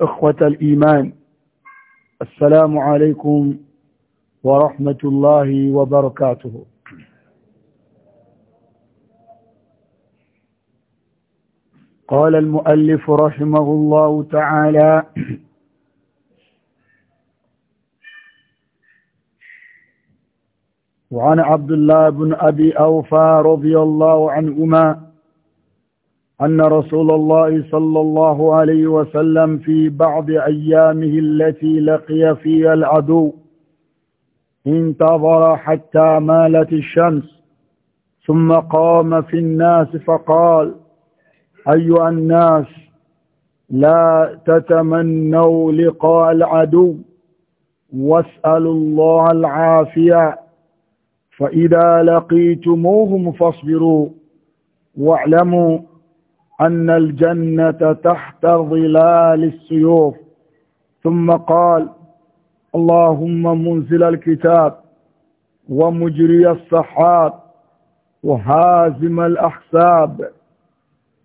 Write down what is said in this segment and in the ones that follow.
إخوة الإيمان السلام عليكم ورحمة الله وبركاته قال المؤلف رحمه الله تعالى وعن عبد الله بن أبي أوفى رضي الله عنهما أن رسول الله صلى الله عليه وسلم في بعض أيامه التي لقي فيها العدو انتظر حتى مالت الشمس ثم قام في الناس فقال أيها الناس لا تتمنوا لقاء العدو واسألوا الله العافية فإذا لقيتموهم فاصبروا واعلموا أن الجنة تحت ظلال السيوف ثم قال اللهم منزل الكتاب ومجري الصحاب وهازم الأحساب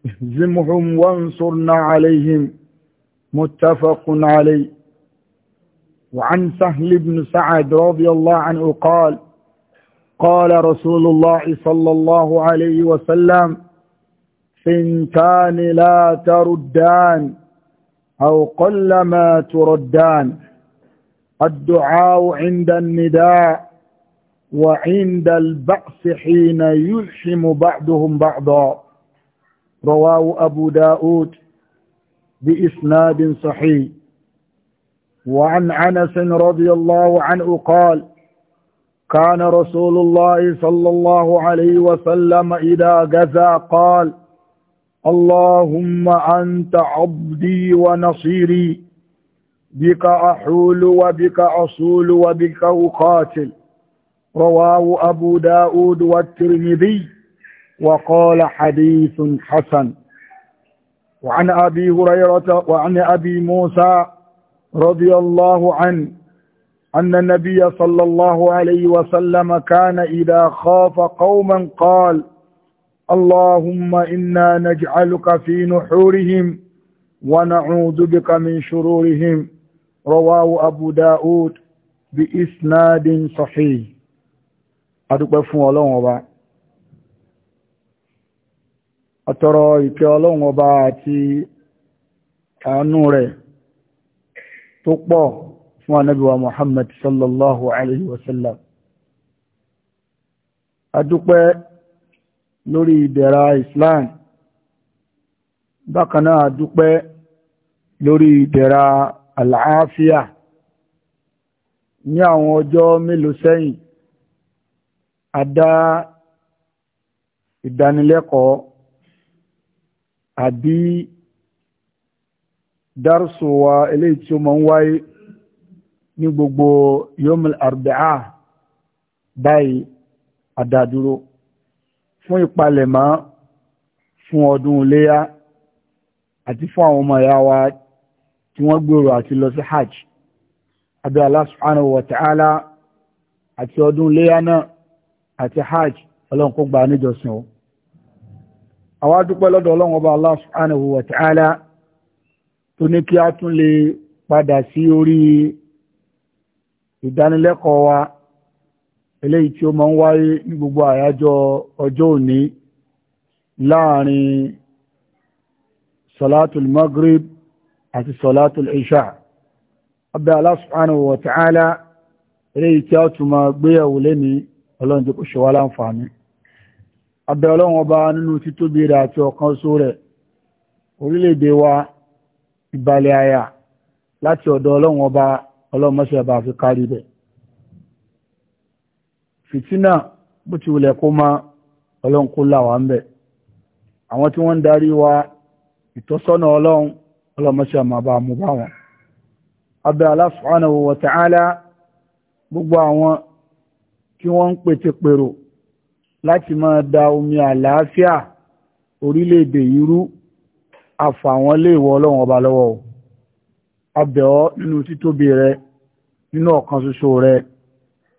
اهزمهم وانصرنا عليهم متفق عليه وعن سهل بن سعد رضي الله عنه قال قال رسول الله صلى الله عليه وسلم ثنتان لا تردان أو قلما تردان الدعاء عند النداء وعند البعث حين يلحم بعضهم بعضا رواه أبو داود بإسناد صحيح وعن عنس رضي الله عنه قال كان رسول الله صلى الله عليه وسلم إذا غزا قال اللهم أنت عبدي ونصيري بك أحول وبك أصول وبك أقاتل رواه أبو داود والترمذي وقال حديث حسن وعن أبي هريرة وعن أبي موسى رضي الله عنه أن النبي صلى الله عليه وسلم كان إذا خاف قوما قال اللهم إنا نجعلك في نحورهم ونعوذ بك من شرورهم رواه أبو داود بإسناد صحيح adúpẹ́ fún ọlọ́run ọba àtọrọ ìkẹ́ ọlọ́run ọba àti àánú rẹ̀ tó pọ̀ fún anábíwa Muhammad sallallahu alaihi wasallam adúpẹ́ lórí ìdẹ̀ra islam bákanáà náà lórí ìdẹ̀ra àlàáfíà ní àwọn ọjọ́ mélòó sẹ́yìn a ìdánilẹ́kọ̀ọ́ àbí dárùsù wa eléyìí tí ó máa ń wáyé ní gbogbo yomil arba'a báyìí àdádúró. fún ìpalẹ̀mọ́ fún ọdún iléyá àti fún àwọn ọmọ ìyá wa tí wọ́n gbèrò àti lọ sí hajj àbí Allah subhanahu wa ta'ala àti ọdún iléyá náà àti hajj ọlọ́run kó gba níjọsìn o àwa lọ́dọ̀ ọlọ́run ọba Allah subhanahu wa ta'ala tó ní kí a eléyìí tí ó máa ń wáyé ní gbogbo àyájọ́ ọjọ́ òní láàrin salatul maghrib àti salatul isha abẹ́ Allah wa ta'ala eléyìí tí a tún máa gbéyàwó lẹ́ni ọlọ́run kò ṣe láǹfààní abẹ́ ọlọ́run ọba nínú títóbi rẹ̀ àti ọ̀kan só rẹ̀ orílẹ̀-èdè wa ìbàlẹ̀ àyà láti ọ̀dọ̀ ọlọ́run ọba bá fi kárí fìtínà bó ti wulẹ̀ kó máa ọlọ́run kó láwà ń bẹ̀ àwọn tí wọ́n ń darí wa ìtọ́sọ́nà ọlọ́run ọlọ́mọṣẹ́ máa bá mú bá wọn abẹ́ Allah subhanahu wa ta'ala gbogbo àwọn tí wọ́n ń pètè pèrò láti máa da omi àlàáfíà orílẹ̀-èdè yìí rú àfàwọn léèwọ ọlọ́run ọba lọ́wọ́ o abẹ́ ọ nínú títóbi rẹ nínú ọ̀kan ṣoṣo rẹ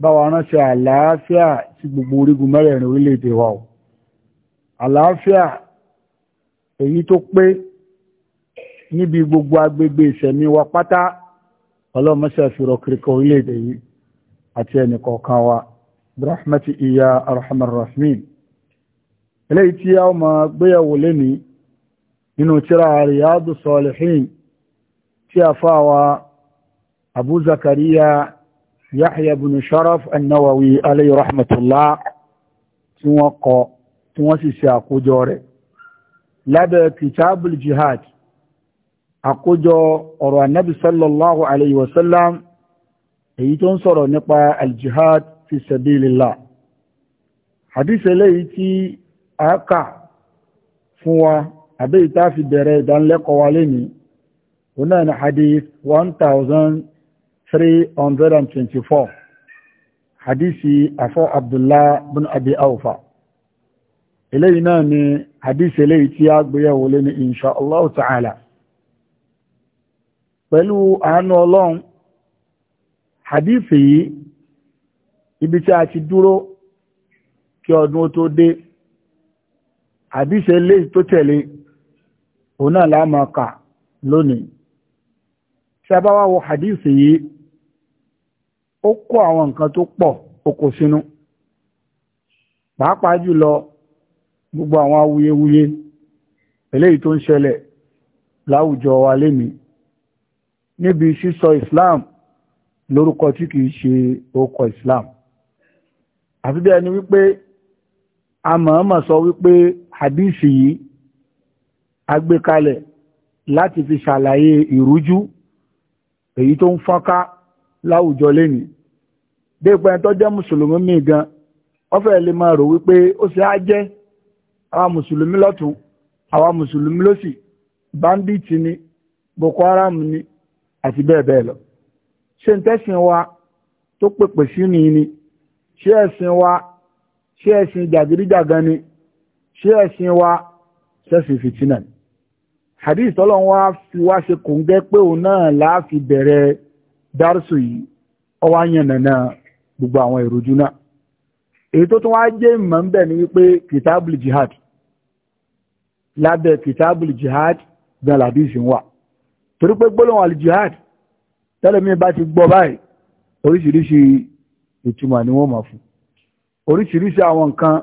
bá wa ránṣẹ́ àlàáfíà sí gbogbo orígun mẹ́rẹ̀ẹ̀rin orílẹ̀-èdè wa o àlàáfíà èyí tó pé níbi gbogbo agbègbè ìṣẹ̀mí wa pátá ọlọ́mọṣẹ́ fìrọ̀ kìrìkà orílẹ̀-èdè yìí àti ẹnìkọ̀ọ̀kan wa rahmatu iya arhamar rahimin eléyìí tí a máa gbéyàwó lénìí nínú tírà Riyadu Salihin tí a fáwa Abu Zakariya Yahya ibn Sharaf an-Nawawi alayhi rahmatullah tí wọ́n kọ tí wọ́n sì ṣe àkójọ rẹ̀ lábẹ́ kitabul jihad àkójọ ọ̀rọ̀ annabi sallallahu alayhi wa sallam èyí tó ń sọ̀rọ̀ nípa al-jihad fi sabilillah hadith eléyìí tí a kà fún wa àbẹ́ ìta fi bẹ̀rẹ̀ ìdánilẹ́kọ̀ọ́ wa lẹ́ni onáà ni hadith 1000 324 hadisi afọ abdullah bin abi aufa eléyìí náà ni hadisi eléyìí tí a gbéyàwó lé ní insha allah ta'ala pẹ̀lú àánú ọlọ́run hadisi yìí ibi tí a ti dúró kí ọdún tó dé hadisi eléyìí tó tẹ̀lé òun náà la lónìí tí a bá wá wo hadisi yìí ó kó àwọn nǹkan tó pọ̀ ó kó sínú pàápàá jùlọ gbogbo àwọn awuyewuye eléyìí tó ń ṣẹlẹ̀ láwùjọ wa lénìí níbi sísọ Islam lórúkọ tí kìí ṣe orúkọ Islam àfi bí ẹni wípé a sọ wípé hadisi yìí agbékalẹ̀ láti fi ṣàlàyé ìrújú èyí tó ń fọ́nká láwùjọ lénìí dépò ẹni tó jẹ́ mùsùlùmí míì gan wọ́n fẹ́ lè máa rò wípé ó ṣe á jẹ́ àwa mùsùlùmí lọ́tún àwa mùsùlùmí lọ́sì bandits ni boko haram ni àti bẹ́ẹ̀ bẹ́ẹ̀ lọ ṣé ń tẹ́sìn wa tó pèpè sí ni ni ṣé ẹ̀sìn wa ṣé ẹ̀sìn jàgídíjàgan ni ṣé ẹ̀sìn wa ṣẹ̀sìn fìtínà ni hadith ọlọ́run wa fi wá ṣe kòńgẹ́ pé òun náà láà bẹ̀rẹ̀ dárúsù yìí ọ wá yànnà náà gbogbo àwọn ìrújú náà èyí tó tún wá jẹ́ ìmọ̀ ń bẹ̀ ni wípé kìtàbùlì jihad lábẹ́ kìtàbùlì jihad gan làdíìsì ń wà torí pé gbólóhùn àlì jihad tẹ́lẹ̀mí bá ti gbọ́ báyìí oríṣiríṣi ìtumọ̀ ni wọ́n máa fún oríṣiríṣi àwọn nǹkan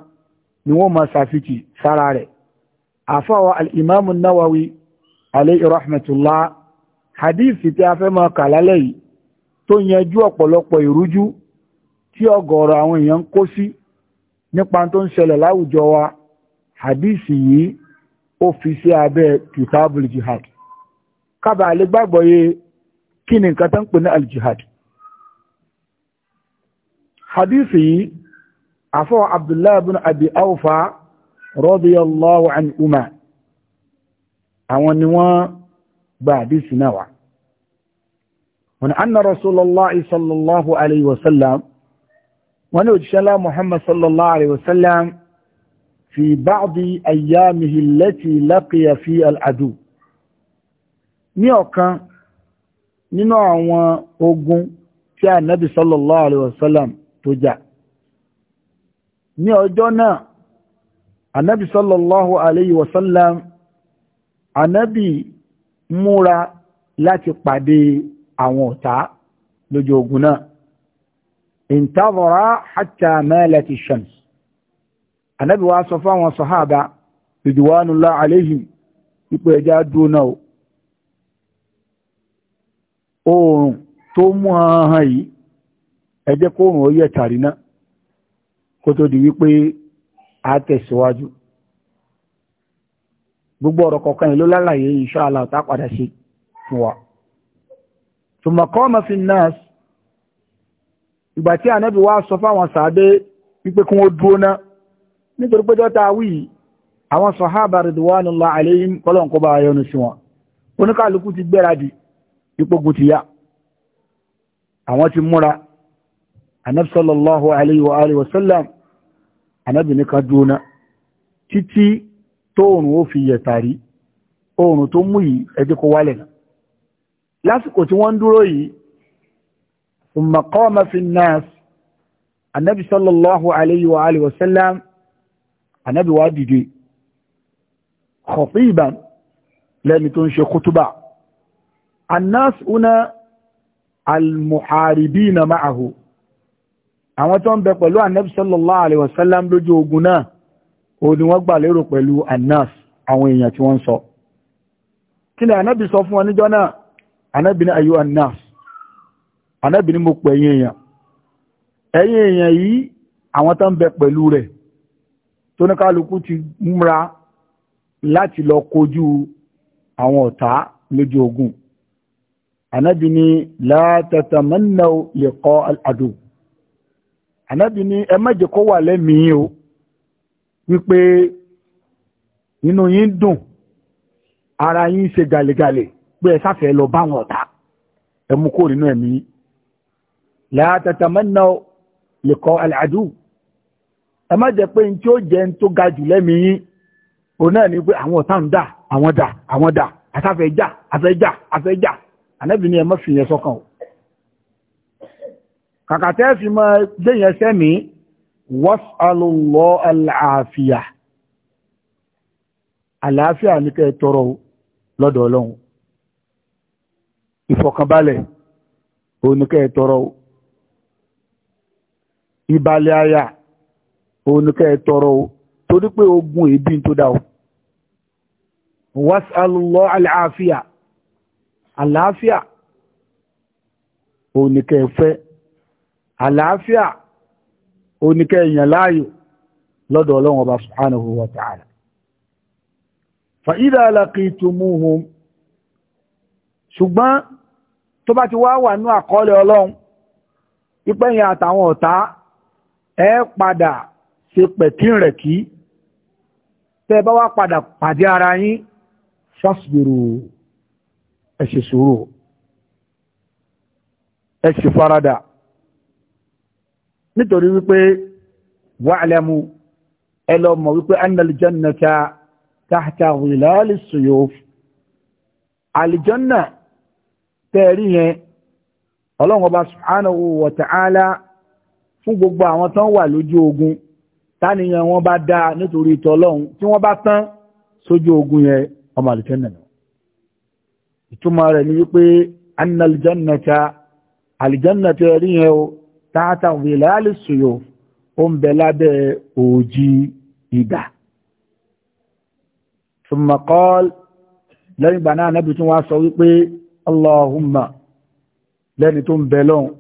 ni wọ́n máa ṣàfitì sára rẹ̀ àfọwọ́ al-Imam an-Nawawi hadith tí a fẹ́ máa kà lálẹ́ yìí tó yanjú ọ̀pọ̀lọpọ̀ ìrújú tí ọ̀gọ̀ọ̀rọ̀ àwọn èèyàn ń kó sí nípa tó ń ṣẹlẹ̀ láwùjọ wa hadisi yìí ó fi sí abẹ́ kitabul jihad kábà lè gbàgbọ́yé kí ni nǹkan tó ń pè ní aljihad hadisi yìí afọ́ abdullahi bin abi awfa radiyallahu anhuma àwọn ni wọ́n gba hadisi náà wá wọ́n anna rasulallah sallallahu alayhi wa sallam wọ́n ní òjíṣẹ́lá muhammad sallallahu alayhi wa sallam fi báàdì ayyámihi lẹ́tì lápíyà fi al'adu ní ọ̀kan nínú àwọn ogun tí a nábi sallallahu alayhi wa sallam tó jà ní ọjọ́ náà anábi sallallahu alayhi wa sallam anábi múra láti pàdé àwọn ọ̀tá lójú ogun náà ìntàbọ̀rá hatta malati shams anábì wa sọ fáwọn sọ̀háàbá ridwanullah alayhim ipò ẹja dúró náà oòrùn tó mú ahàn yìí ẹ kó oòrùn ó yẹ̀ tàrí náà kó tó di wípé a tẹ̀síwájú gbogbo ọ̀rọ̀ kọ̀ọ̀kan ìlú lálàyé insha Allah padà ṣe ثم قام في الناس ìgbà tí ànábì wá sọ fáwọn sàábé wípé kún ó dúró náà nítorí pé jọta wí àwọn sàhábà ridwanullahi alayhim kọlọ̀nkọ́ bá yọnu sí wọn oníkàlùkù ti gbéradì ipógun ti yá àwọn ti múra ànábì sallallahu lásìkò tí wọ́n ń dúró yìí thumma qama fi nnas anabi sallallahu alayhi wa alihi wa sallam anabi wa dìde khatiban lẹ́ni tó ń ṣe kútúbà annas una almuharibina ma'ahu àwọn tó ń bẹ pẹ̀lú anabi sallallahu alayhi wa sallam lójú ogun náà ó ní wọ́n gbà lérò pẹ̀lú annas àwọn èèyàn tí wọ́n sọ kí ni anabi sọ fún wọn níjọ́ náà anábì ní ayọ́ anas anábì ní mo pè ẹ̀yin èèyàn ẹ̀yin èèyàn yìí àwọn tó ń bẹ pẹ̀lú rẹ̀ tó ní kálukú ti múra láti lọ kojú àwọn ọ̀tá lójú ogun anábì ní la tatamannaw liqa al ẹ má jẹ́ kó wà lẹ́mìí o wípé inú yín dùn ara yín ṣe gàlẹ́gàlẹ́ pé ẹ sáfẹ́ lọ bá wọn ọ̀tá ẹ mú kó nínú ẹ̀mí la tatamannaw liqa al-adu ẹ má jẹ́ pé tí ó jẹ́ tó ga jù lẹ́mí yín òun náà ni pé àwọn ọ̀tá ń dà àwọn dà àwọn dà àtàfẹ́ jà àfẹ́ jà àfẹ́ jà ànábì ni ẹ má fi yẹn sọ́kàn o kàkà fi mọ déyẹn sẹ́mi was'alullah al àlàáfíà ní kẹ́ tọrọ lọ́dọ̀ ọlọ́run ìfọ̀kànbalẹ̀ oníkẹ́ tọrọ ìbalẹ̀ aya oníkẹ́ tọrọ torí pé ogun èébì tó dá o wàsàlùlọ àlàáfíà àlàáfíà oníkẹ́ fẹ́ àlàáfíà oníkẹ́ èèyàn láàyò lọ́dọ̀ ọlọ́run ọba subhanahu wa ta'ala fa idha laqitumuhum ṣùgbọ́n tó bá ti wá wà ní àkọọ́lẹ̀ ọlọ́run ipẹ́yìn àtàwọn ọ̀tá ẹ padà ṣe pẹ̀kín rẹ̀ kí tẹ́ bá wá padà pàdé ara yín fásbìrù ẹ ṣe sùúrù ẹ nítorí wípé wa'lamu ẹ lọ mọ̀ wípé annal aljanna tẹ́ẹ̀rí yẹn ọlọ́run ọba subhanahu wa ta'ala fún gbogbo àwọn tán wà lójú ogun táníyàn wọn bá dáa nítorí ìtọ́lọ́run tí wọ́n bá tán sójú ogun yẹn ọmọ àlùjẹ́ nàná ìtumọ̀ rẹ̀ ni wípé anna aljannata aljannata rí yẹn o tààtà wìláàlì sòyò ó ń bẹ lábẹ́ òjì ìdà summa qala lẹ́yìn ìgbà náà anábì tún wá sọ wípé Allahumma lẹ́ni tó ń bẹ lọ́hùn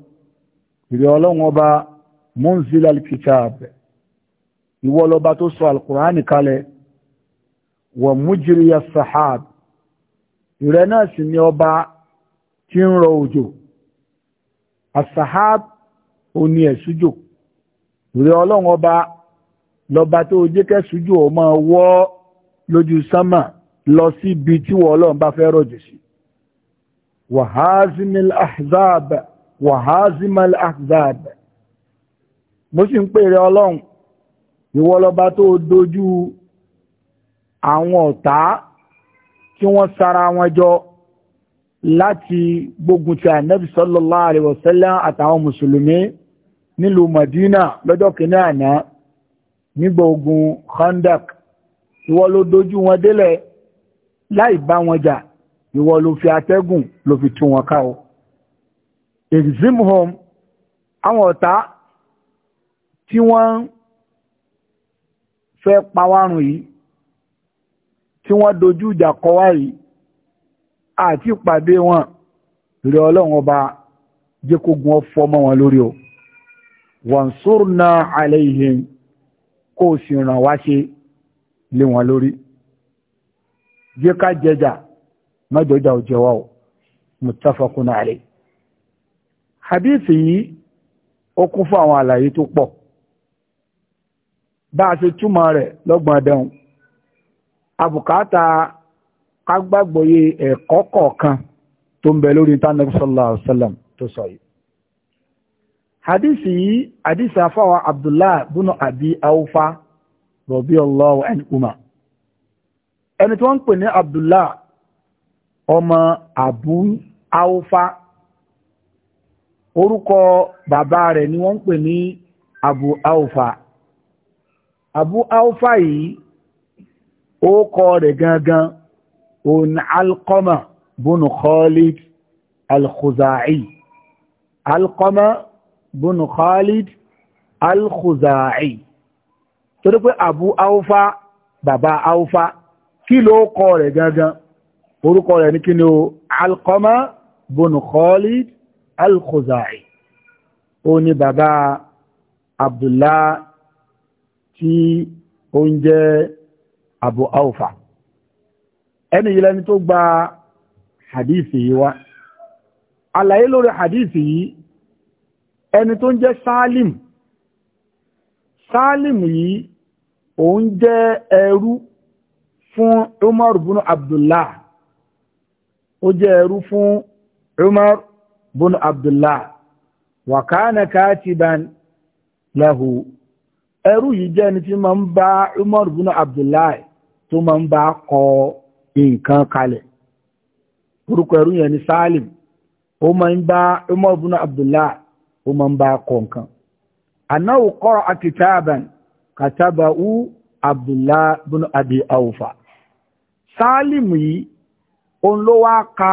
ìrẹ́ ọlọ́run ọba munzil al-kitab ìwọ lọba tó sọ al-Qur'ani kalẹ̀ wa mujri as-sahab ìrẹ́ náà sì ni ọba tí ń rọ òjò as-sahab ní ẹ̀sújò ìrẹ́ ọlọ́run ọba lọba tó jẹ́ kẹ́sújò ó wọ́ lójú sánmà lọ sí ibi tí wọ́n ọlọ́run bá fẹ́ rọ̀jò sí وهازم الأحزاب وهازم الأحزاب mo sì ń pèrè ọlọ́run ìwọ lọba tó dojú àwọn ọ̀tá tí wọ́n sara wọn jọ láti gbógun ti ànábì sallallahu alaihi wasallam àtàwọn mùsùlùmí nílùú Madina lọ́jọ́ kìíní àná nígbà ogun Khandak ìwọ ló dojú wọn délẹ̀ láì bá wọn jà ìwọ ló fi atẹ́gùn ló fi tún wọn ká o eximhom àwọn ọ̀tá tí wọ́n fẹ́ pawárùn yìí tí wọ́n dojú ìjà kọ wá yìí àti ìpàdé wọn rẹ ọlọ́run ọba jẹ́ kó mọ́ wọn lórí o wansurna alaihim kó o sì ràn wá ṣe lé wọn lórí jẹ́ ká jẹjà mọ́jọ́jà ò jẹ́wọ́ ò muttafaqun alayh hadithi yìí ó kún fún àwọn àlàyé tó pọ̀ bá a ṣe túmọ̀ rẹ̀ lọ́gbọ̀n dẹ̀hùn àbùkátà kágbàgbọ́yé ẹ̀kọ́ kọ̀ọ̀kan tó ń bẹ lórí tánàbí sallallahu alaihi wasallam tó sọ yìí hadisi yìí hadisi afáwa abdullahi bunu abi awfa radiyallahu anhuma ẹni tí wọ́n ń pè ní abdullahi ọmọ abu aufa orúkọ bàbá rẹ̀ ni wọ́n ń pè ní abu aufa abu aufa yìí orúkọ rẹ̀ gangan òun alkọ́mà bùnú khalid alkhuza'i alkọ́mà bùnú khalid alkhuza'i torí pé abu aufa bàbá aufa kí ló kọ rẹ̀ gangan orúkọ rẹ̀ ní kí ni o alqama bonu khalid alkhuzai ó ní bàbá abdullah tí ó ń jẹ́ abu aufa ẹni yìí lẹni tó gba hadithi yìí wá àlàyé lórí hadithi yìí ẹni tó ń jẹ́ salim salim yìí òun jẹ́ ẹrú fún umar bunu abdullah ó jẹ́ ẹrú fún umar bin abdullah wa kana katiban lahu ẹrú yìí jẹ́ ẹni tí máa ń bá umar bin abdullah tó máa ń bá kọ nǹkan kalẹ̀ orúkọ ẹrú yẹn ni salim ó máa ń bá umar bin abdullah ó máa ń bá kọ nǹkan anáwó kọ́ra akitaban katabahu abdullah bin abi awfa salim yìí òun ló wá ka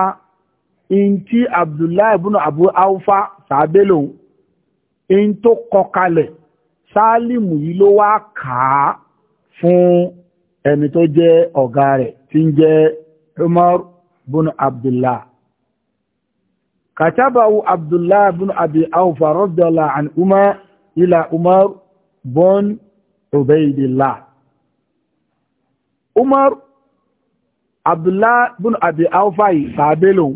in tí abdullahi ibn abu aufa sàbẹ́lò in tó kọ kalẹ̀ sálìmù yìí ló wá kà á fún ẹni tó jẹ́ ọ̀gá rẹ̀ tí ń jẹ́ umar ibn abdullah kàtàbàwò abdullahi ibn abi aufa radiyallahu an umar ila umar ibn ubaydillah umar abdullah bin abi aufa yìí sàábé lòun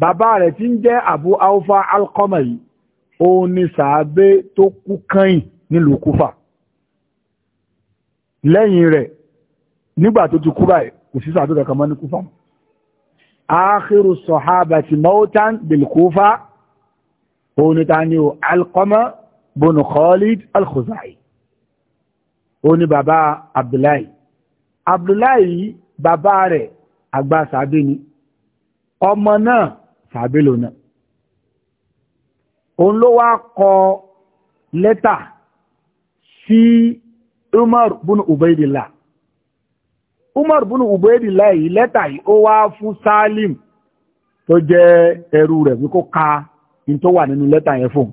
bàbá rẹ̀ tí ń jẹ́ abu aufa alkọ́mọ̀ yìí òun ni sàábé tó kú kẹ́yìn nílùú kúfà lẹ́yìn rẹ̀ nígbà tó ti kú báyìí kò sí sàábé kankan mọ́ ní kúfà akhiru sahabati mautan bil kúfà òun ta ni o alkọ́mọ̀ bin khalid alkhuzai òun ni bàbá abdullahi abdullahi bàbá rẹ̀ àgbà sàbí ni ọmọ náà sàbí lò náà òun ló wá kọ lẹ́tà sí Umar bunu Ubaidillah Umar bunu Ubaidillah yìí lẹ́tà yìí ó wá fún Salim tó jẹ́ ẹrú rẹ̀ wípé kó ka in tó wà nínú lẹ́tà yẹn fún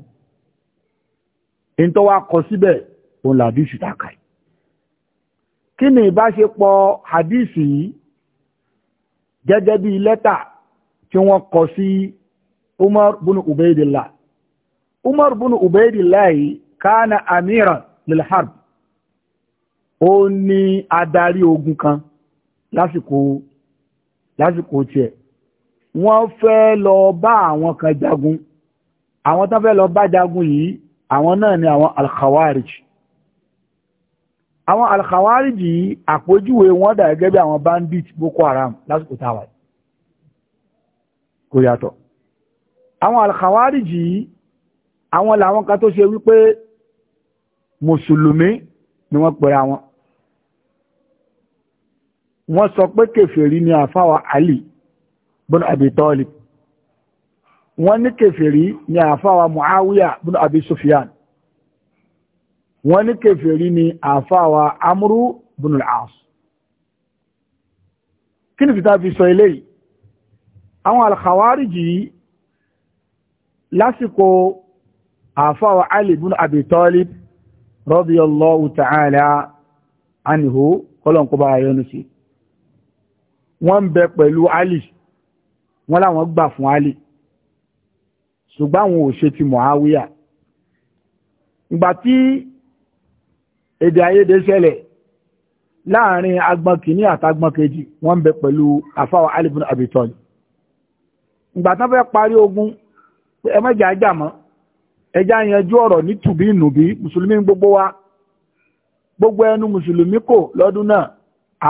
in tó wá kọ síbẹ̀ òun làdí ìṣùtàkàì kí ni ìbáṣepọ̀ hadisi yìí gẹ́gẹ́ bí lẹ́tà tí wọ́n kọ sí umar bin ubaidillah umar bin ubaidillah yìí kánà amiran lilharb ó ní adarí ogun kan lásìkò lásìkò tiẹ̀ wọ́n fẹ́ lọ bá àwọn kan jagun àwọn tán fẹ́ lọ bá jagun yìí àwọn náà ni àwọn alkhawarij àwọn alkhawariji àpójúwe wọn dà gẹ́gẹ́ bí àwọn bandit boko haram lásìkò táwà kò yàtọ̀ àwọn alkhawariji àwọn làwọn kan tó ṣe wípé mùsùlùmí ni wọ́n pẹ̀rẹ̀ àwọn wọ́n sọ pé kèfèrí ni àfáwà Ali bin Abi Talib wọ́n ní kèfèrí ni àfáwà Muawiya bin Abi Sufyan wọ́n ní kèfèrí ni àfáwà amúrú bin al-as kí ni fìtà fi sọ eléyìí àwọn alkhawariji lásìkò àfáwà ali bin abi talib radiyallahu ta'ala anhu kọlọ̀nkọba ayọ́nu sí wọ́n ń bẹ pẹ̀lú ali wọ́n láwọn gbà fún ali ṣùgbọ́n àwọn ò ṣe ti Muawiya ìgbà tí èdè àìyedè ṣẹlẹ̀ láàrin agbọn kìíní àtàgbọn kejì wọ́n ń bẹ pẹ̀lú àfáwà Ali ibn Abi Talib ìgbà tán fẹ́ parí ogun ẹ mẹ́jà ajá mọ́ ẹjá yanjú ọ̀rọ̀ ní tùbí nùbí mùsùlùmí gbogbo wa gbogbo ẹnu mùsùlùmí kò lọ́dún náà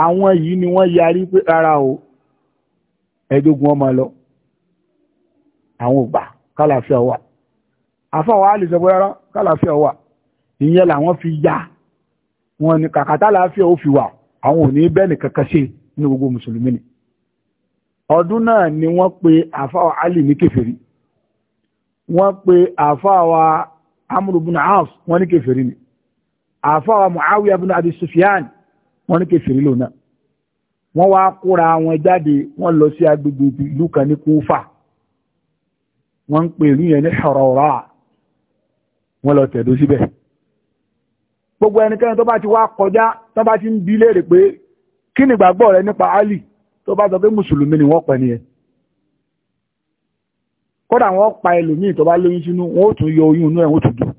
àwọn yìí ni wọ́n yarí pé rárá o ẹ̀dógún ọmọ lọ àwọn ògbà kálàfíà wà àfáwà Ali sọ pé rárá kálàfíà wà ìyẹn làwọn fi yá wọn ni kàkàtà láàfíà ó fi wà àwọn ò ní bẹ́ẹ̀nì kankan ṣe ní gbogbo mùsùlùmí ni ọdún náà ni wọ́n pe àfáà Ali ní kèfèrí wọ́n pe àfáà Amr ibn As wọ́n ní kèfèrí ni àfáà Muawiya ibn Abi Sufyan wọ́n ní kèfèrí lónà wọ́n wá kóra wọn jáde wọ́n lọ sí agbègbè ìlú kan ní Kúfà wọ́n ń pè ìlú yẹn ní Hurayra wọ́n lọ tẹ̀dó síbẹ̀ gbogbo ẹnikẹ́ni tó bá ti wá kọjá tó bá ti ń bi léèrè pé kí ni ìgbàgbọ́ rẹ nípa Ali tó bá sọ pé mùsùlùmí ni wọ́n pẹ̀ nìyẹn kódà wọ́n pa ẹlòmíì tó bá lóyún sínú wọ́n ó tún yọ oyún inú ẹ̀ wọ́n tún dùn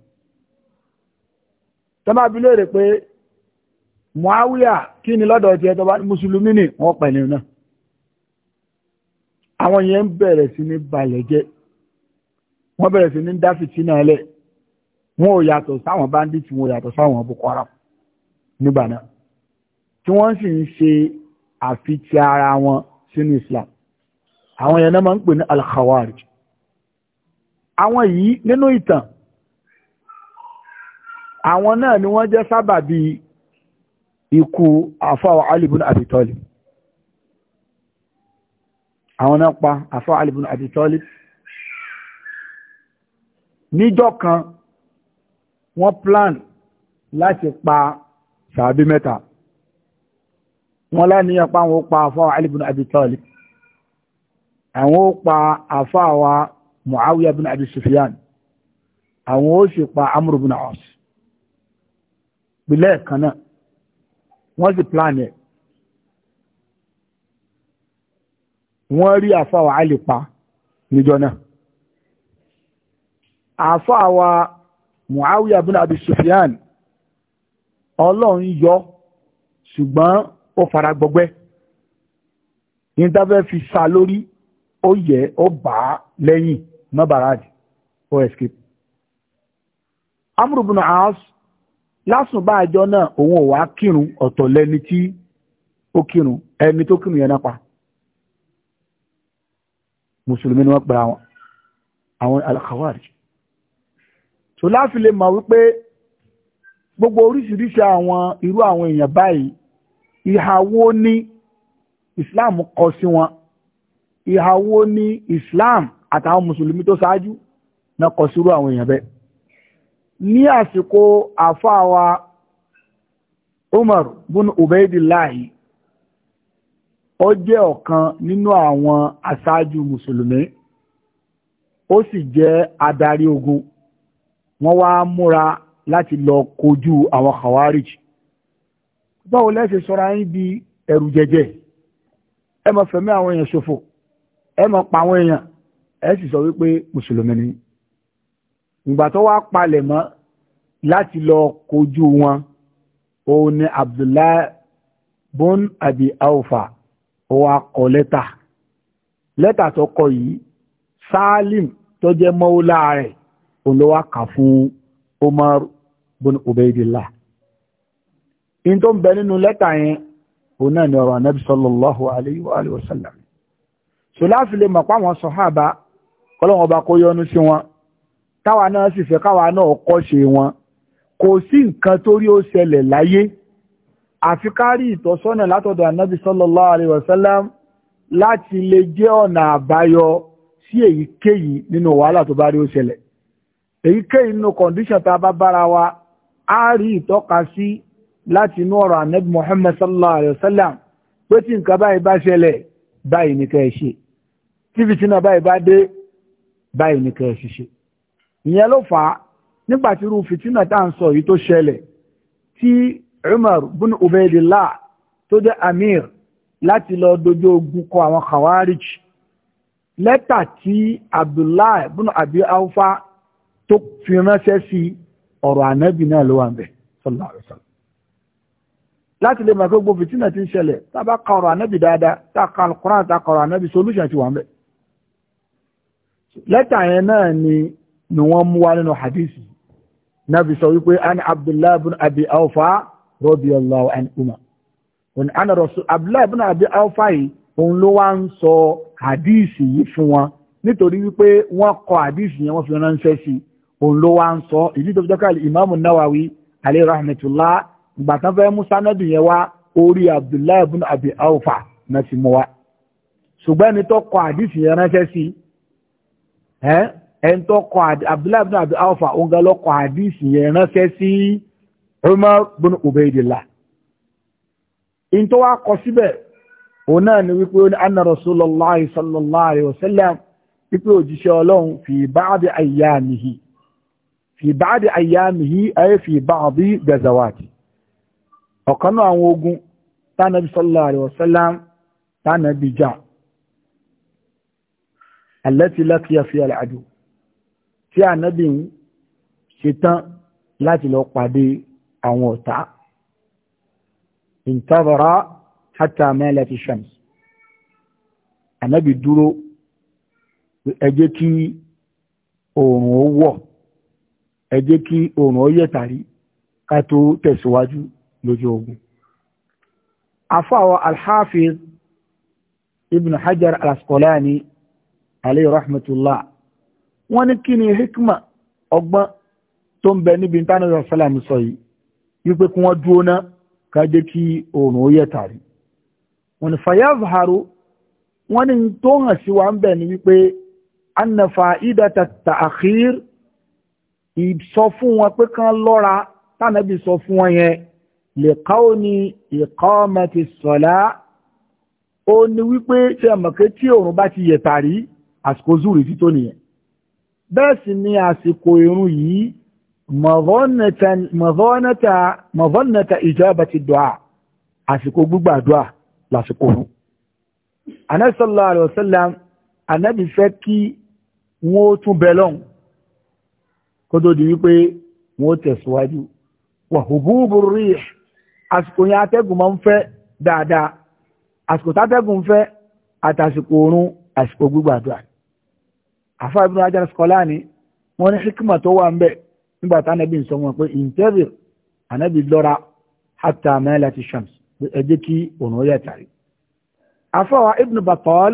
tó bá bi léèrè pé Muawiya kí ni lọ́dọ̀ tiẹ̀ tó bá mùsùlùmí ni wọ́n pẹ̀ nìyẹn náà àwọn yẹn ń bẹ̀rẹ̀ sí ní balẹ̀ jẹ́ wọ́n bẹ̀rẹ̀ sí ní dáfìtì náà lẹ́ẹ̀ wọn ò yàtọ̀ sáwọn bandit wọn ò yàtọ̀ sáwọn Boko Haram nígbà náà tí wọ́n sì ń ṣe àfitì ara wọn sínú Islam àwọn yẹn náà máa ń pè ní al-Khawarij àwọn yìí nínú ìtàn àwọn náà ni wọ́n jẹ́ sábàbí ikú àfáà Ali ibn Abi Talib àwọn náà pa àfáà Ali ibn Abi kan wọ́n plan láti pa sàbí mẹ́ta wọ́n láníyàn pa àwọn ó pa àfáwà Ali ibn Abi Talib àwọn ó pa àfáwà Muawiya ibn Abi Sufyan àwọn ó sì pa Amr ibn As pìlẹ̀ kan náà wọ́n sì plan ẹ̀ wọ́n rí àfáwà Ali pa níjọ náà àfáwà muawiya bin abi sufyan ọlọ́run yọ ṣùgbọ́n ó fara gbọgbẹ́ yín dábẹ́ fi sa lórí ó yẹ ó bà á lẹ́yìn mọ́bàrádì ó escape amru bin as lásùn bá àjọ náà òun ò wá kírun ọ̀tọ̀ lẹni tí ó kírun ẹni tó kírun yẹn náà pa mùsùlùmí ni wọ́n pẹ̀lú àwọn àwọn tó láfi lè mọ̀ wípé gbogbo oríṣiríṣi àwọn irú àwọn èèyàn báyìí ìhà wo ni Islam kọ sí wọn ìhà wo ni Islam àtàwọn mùsùlùmí tó ṣáájú náà kọ sí irú àwọn èèyàn bẹ́ẹ̀ ní àsìkò àfáà wa Umar bin Ubaidillahi ó jẹ́ ọ̀kan nínú àwọn aṣáájú mùsùlùmí ó sì jẹ́ adarí ogun wọ́n wá múra láti lọ kojú àwọn khawarij báwo lẹ́sẹ̀ sọ́ra yín bí ẹ̀rù jẹjẹ ẹ máa fẹ̀mí àwọn èèyàn ṣòfò ẹ máa pa àwọn èèyàn ẹ sì sọ wípé mùsùlùmí ni ìgbà tó wá palẹ̀ mọ́ láti lọ kojú wọn òun ni Abdullahi bon abi aufa ó wá kọ lẹ́tà lẹ́tà tó kọ yìí Salim tó jẹ́ mọ́wó láàrẹ̀ òun ló wá kà fún Umar bin Ubaidillah in tó ń bẹ nínú lẹ́tà yẹn òun náà ni ọ̀rọ̀ anábì sallallahu alayhi wa alihi wa sallam so láti lè mọ̀ pa sọ̀hábà ọlọ́wọ́n ọba kó yọ́nú sí wọn táwa náà sì fẹ́ káwa náà kọ́ ṣe wọn kò sí nǹkan torí ó ṣẹlẹ̀ láyé àfi kárí ìtọ́sọ́nà látọ̀dọ̀ anábì sallallahu alayhi wa sallam láti lè jẹ́ ọ̀nà àbáyọ sí èyíkéyìí nínú wàhálà tó bá rí ó ṣẹlẹ̀ èyíkéyìí nínú kọ̀ǹdíṣàn tá a bá bára wa á rí ìtọ́ka sí láti inú ọ̀rọ̀ ànábì Muhammad sallallahu alayhi wa sallam pé tí nǹkan báyìí bá ṣẹlẹ̀ báyìí ní kẹ́ ẹ ṣe tí fìtínà báyìí bá dé báyìí ní kẹ́ ẹ ṣiṣẹ́ ìyẹn ló fà á nígbà tí irú fìtínà tá à ń sọ yìí tó ṣẹlẹ̀ tí Umar bin Ubaydillah tó jẹ́ amir láti lọ dojú ogun kọ àwọn khawarij lẹ́tà tí Abdullah bin Abi Awfa tó fi ránṣẹ́ sí ọ̀rọ̀ ànábì náà ló wà ń bẹ̀ sallallahu alaihi wasallam láti lè mọ̀ pé gbogbo fìtínà ti ń ṣẹlẹ̀ tá a bá ka ọ̀rọ̀ ànábì dáadáa tá a ka al òun ló wá ń sọ hadisi yìí fún wọn nítorí wípé wọ́n kọ hadisi yẹn wọ́n fi ránṣẹ́ sí i òun ló wá ń sọ ìdí tó fi jọ́ káàlì ìmáàmù náwàwí alẹ́ gbàtán fẹ́ mú yẹn wá orí abdullahi ibn abi awfa na ti wa ṣùgbọ́n ẹni tó kọ àdìsí yẹn ránṣẹ́ sí ẹni tó kọ abdullahi ibn abi awfa òun gan kọ àdìsí yẹn ránṣẹ́ sí umar ibn ubaydillah in tó wá kọ síbẹ̀ òun náà ni wípé ó ní anna sallallahu alayhi wa sallam wípé òjíṣẹ́ ọlọ́run fi fi báàdì àyàmìhí ayé fi báàdì gazawati ọ̀kanú àwọn ogun tánàbí sallallahu alaihi wasallam tánàbí já allati laqiya fi al-adu tí ànábì ń ṣetán láti lọ pàdé àwọn ọ̀tá intadara hatta malat ash-shams ànábì dúró ẹ kí oòrùn ó wọ̀ ẹ jẹ́ kí oòrùn ọ yẹ̀ tàrí ká tó tẹ̀síwájú lójú ogun afáwọ alhafiz ibn hajar alaskolani alayhi rahmatullah wọ́n ní kí ni hikma ọgbọ́n tó ń bẹ níbi tánàlá sálàmù sọ yìí wípé kí wọ́n dúró ná ká jẹ́ kí oòrùn ó yẹ̀ tàrí wọ́n ní fayazharu wọ́n ní tó hàn sí wa ń bẹ ní wípé anna fa'idata ta'khir ìsọ fún wọn pé kán lọ́ra tánàbí sọ fún wọn yẹn lè káwó ni iqamati sọ̀lá ó ní wípé ṣe mọ̀ké tí òòrùn bá ti yẹ̀ tàrí àsìkò zúrì tí tó nìyẹn bẹ́ẹ̀ sì ni àsìkò irun yìí mọ̀vọ́nẹ́ta ijabati du'a àsìkò gbígbàdúà lásìkò òun anẹ́sọ̀lá àrẹ̀sọ́lá anẹ́bí fẹ́ kí wọ́n tún bẹ lọ́hùn kó tó di wípé wọ́n tẹ̀síwájú wà hùbúùbù rí àsìkò yẹn atẹ́gùn máa ń fẹ́ dáadáa àsìkò tátẹ́gùn fẹ́ àtàsìkò oorun àsìkò gbígbàdúrà àfa Ibn Hajar Asqalani wọ́n ní hikima tó wà ń bẹ̀ nígbà tá ànábì ń sọ wọn pé intabir ànábì lọ́ra hatta malati shams ẹ jẹ́ kí oòrùn yẹ̀ tàrí àfa wa Ibn Battal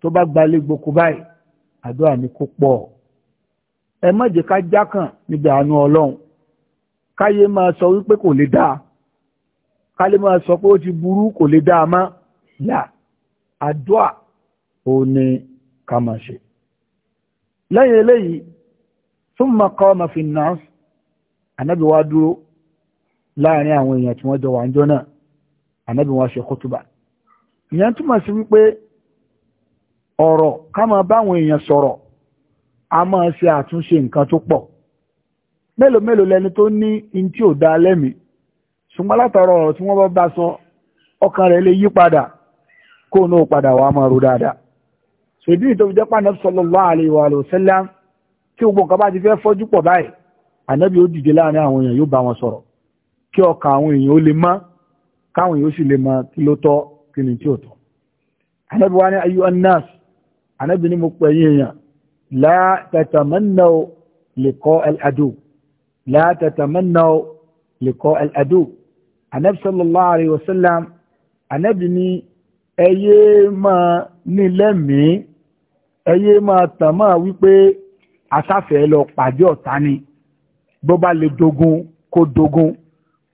tó bá gbalé gboko báyìí àdúrà ní kó pọ̀ ẹ má jẹ́ ká jákàn níbi àánú ọlọ́run káyé máa sọ wípé kò lè dáa kálé máa sọ pé ó ti burú kò lè dáa má yà àdúrà ò ní ká máa ṣe lẹ́yìn eléyìí thumma qama fi nnas ànábì wá dúró láàrin àwọn èèyàn tí wọ́n jọ wà ń jọ náà ànábì wá ṣe kútùbà ìyẹn túmọ̀ sí wípé ọ̀rọ̀ ká máa báwọn èèyàn sọ̀rọ̀ a máa ṣe àtúnṣe nǹkan tó pọ̀ mélòó mélòó lẹni tó ní in tí ò da lẹ́mìí ṣùgbọ́n látara ọ̀rọ̀ tí wọ́n bá bá sọ ọkàn rẹ̀ lè yí padà kó náà padà wàá máa ro dáadáa ṣèdí gbogbo nǹkan bá ti fẹ́ fọ́jú pọ̀ báyìí ànábì ó wọn sọ̀rọ̀ kí ọkàn àwọn èèyàn ó le mọ́ káwọn èèyàn ó sì kí ló tọ́ kí ni tí ò anábì ní mo pẹ̀ yín èèyàn la tatamannaw liqa al-adu la tatamannaw liqa al-adu anábì sallallahu alayhi wa sallam anábì ní ẹyẹ máa ní lẹ́mìí ẹyẹ máa tàn máa wípé asáfẹ́ lọ pàdé ọ̀tá ni bó bá lè dogun kó dogun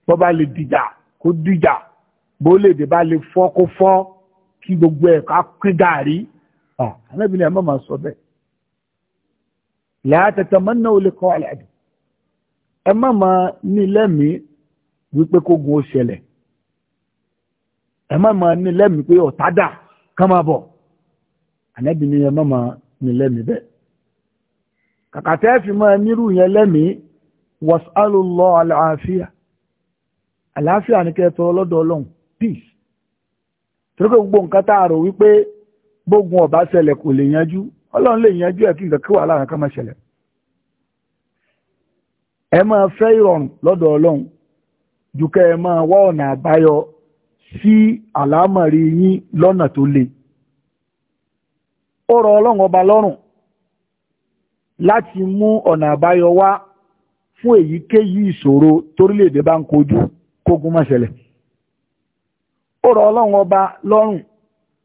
bó bá lè dìjà kó dìjà bó lè dè bá lè fọ́ kó fọ́ kí gbogbo ẹ̀ ká pín gàrí Ah, ànábì ni ẹ má ma sọ bẹ́ẹ̀ la tatamannaw liqa al-adu ẹ má máa ní lẹ́mìí wípé kógun ó ṣẹlẹ̀ ẹ má máa ní lẹ́mìí pé ọ̀tádà kán máa bọ̀ ànábì ni ẹ má máa ní lẹ́mìí bẹ́ẹ̀ kàkà peace gbogbo a bógun ọba ṣẹlẹ̀ kò lè yanjú ọlọ́run lè yanjú ẹ̀ kí nǹkan kí wàhálà kankan má ṣẹlẹ̀ ẹ máa fẹ́ ìrọ̀rùn lọ́dọ̀ ọlọ́run ju kẹ́ ẹ máa wá ọ̀nà àbáyọ sí àlámọ̀rí yín lọ́nà tó le ó rọ ọlọ́run ọba lọ́rùn láti mú ọ̀nà àbáyọ wá fún èyíkéyìí ìṣòro torílẹ̀-èdè bá ń kojú kógun má ṣẹlẹ̀ ó rọ ọlọ́run ọba lọ́rùn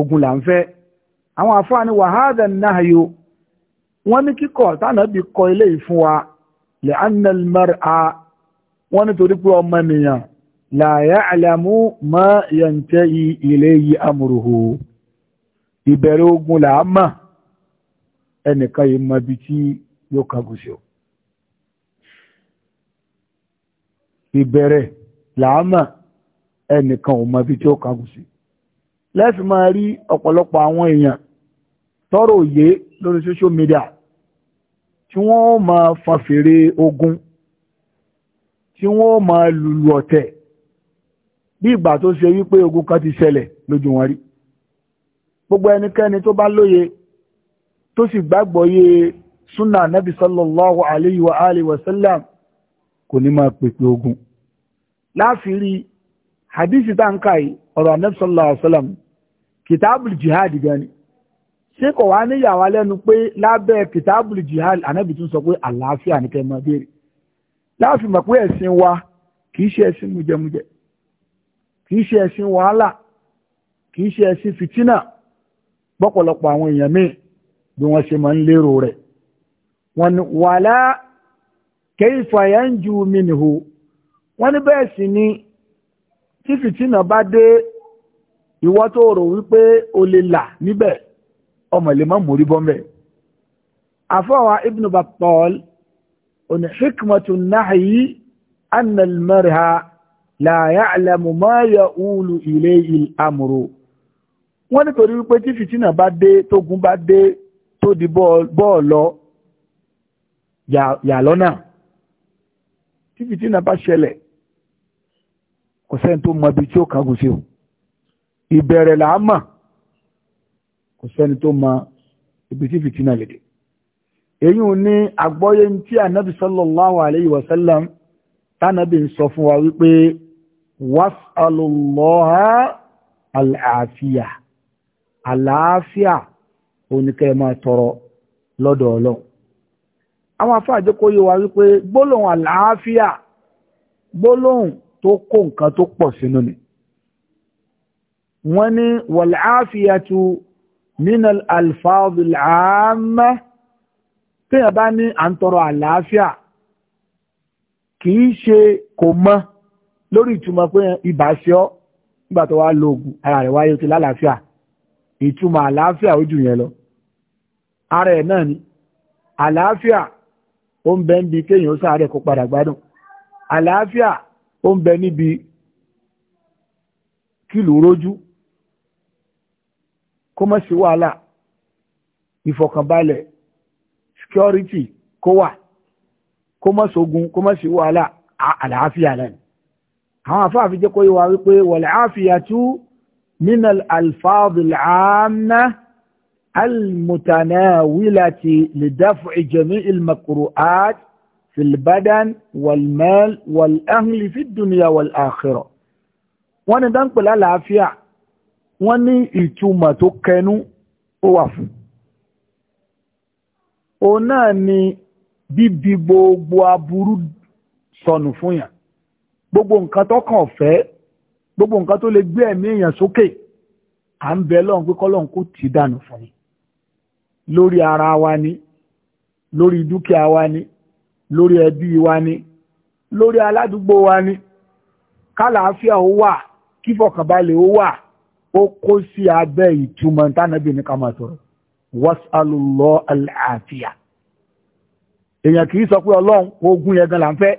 ogun la ń fẹ́ àwọn àfáàní wàhádà náàyò wọ́n ní kíkọ̀ tánàbí kọ ilé ìfún wa lè annalmara wọ́n nítorí pé ọmọ nìyàn láyá àlàmú ma yàntẹ́ ilé yí amúrùhù ìbẹ̀rẹ̀ ogun là á ẹnìkan yìí mọ̀ bí tí yóò o lẹ́fì máa rí ọ̀pọ̀lọpọ̀ àwọn èèyàn tọ́rọ òye lórí social media tí wọ́n ma fan fèrè ogun tí wọ́n máa lùlù ọ̀tẹ̀ bí ìgbà tó ṣe wípé ogun kan ti ṣẹlẹ̀ lójú wọn rí gbogbo ẹnikẹ́ni tó bá lóye tó sì gbàgbọ́ yé súnà nabi sallallahu alayhi wa alihi wa sallam kò ní máa pèpè ogun láàfin rí hadisi tá ń kà yìí ọ̀rọ̀ anabi sallallahu alayhi wa sallam kìtàbùl jihad gan ni ṣé kò wá níyàwó lẹ́nu pé lábẹ́ kìtàbùl jihad anábì tún sọ pé àlàáfíà ní kẹ́mọ́ béèrè láàfin mọ̀ pé ẹ̀sìn wa kì í ṣe ẹ̀sìn mujẹmujẹ kì í ṣe ẹ̀sìn wàhálà kì í ṣe ẹ̀sìn fìtínà àwọn èèyàn míì bí wọ́n ṣe máa ń lérò rẹ̀ wọ́n ní wàlá kayfa yanju minhu wọ́n ní bẹ́ẹ̀ sì ni tí fìtínà bá dé ìwọ tó rò wípé o lè là níbẹ̀ ọmọ lè má mórí bọ́m̀bẹ̀ afọ́wà Ibn Battal oní hikmatu nahyi anna al-marha la ya'lamu ma ya'ulu ilayhi al-amru wọ́n nítorí wípé tí fìtínà bá dé tógun bá dé tó di bọ́ọ̀lọ́ yà lọ́nà tí fìtínà bá ṣẹlẹ̀ kò sẹ́ni tó mọ ibi tí ó kángun sí o. ìbẹ̀rẹ̀ là á kò sẹ́ni tó ma ibi tí fìtínà lè dé èyí ò ní àgbọ́yé tí ànábì sallallahu alayhi wa tánàbì ń sọ fún wa wípé tọrọ lọ́dọ̀ ọlọ́run àwọn afáàjẹ́ kó wípé gbólóhùn àlàáfíà gbólóhùn tó kó nǹkan tó pọ̀ sínú ni wọ́n ní wàláfíàtú nínú alfáàbìláàmà tí a bá ní à ń tọrọ àlàáfíà kìí ṣe kò mọ́ lórí ìtumọ̀ pé ibà ṣe ọ́ nígbà tó wá lo oògùn ara rẹ̀ wáyé ti lálàáfíà ìtumọ̀ àlàáfíà ó jù yẹn lọ ara ẹ̀ náà ni àlàáfíà ó ń bẹ níbi kéèyàn ó sáré kó padà gbádùn àlàáfíà ó ń bẹ níbi kìlú rójú kó má sí wàhálà ìfọ̀kànbalẹ̀ security kó wà kó má sógun kó má sí wàhálà àlàáfíà lẹ́nu àwọn afáàfi jẹ́ kó yíwa wípé wọ̀lẹ̀ àfíà tú nínú alfáàbìl àmà المتناولة لدفع جميع المكروهات في البدن والمال والأهل في الدنيا والآخرة wọ́n ni dáńpẹ̀lá làáfíà wọ́n ní ìtumọ̀ tó kẹnu ó wà fún òun náà ni bíbi gbogbo aburú sọnù fún yàn gbogbo nǹkan tó kàn fẹ́ gbogbo nǹkan tó lè gbé ẹ̀mí èèyàn sókè à ń bẹ lọ́run pé kọ́lọ́run kò tí dànù fún ni lórí ara wa ni lórí dúkìá wa ni lórí ẹbí wa ni lórí aládùúgbò wa ni kálàáfíà ó wà kífọ̀kànbalẹ̀ ó wà ó kó sí abẹ́ ìtumọ̀ tánàbí ní kàmà sọ̀rọ̀ wàsálùlọ́ àlàáfíà èèyàn kì í sọ pé ọlọ́run ogun yẹn gan la ń fẹ́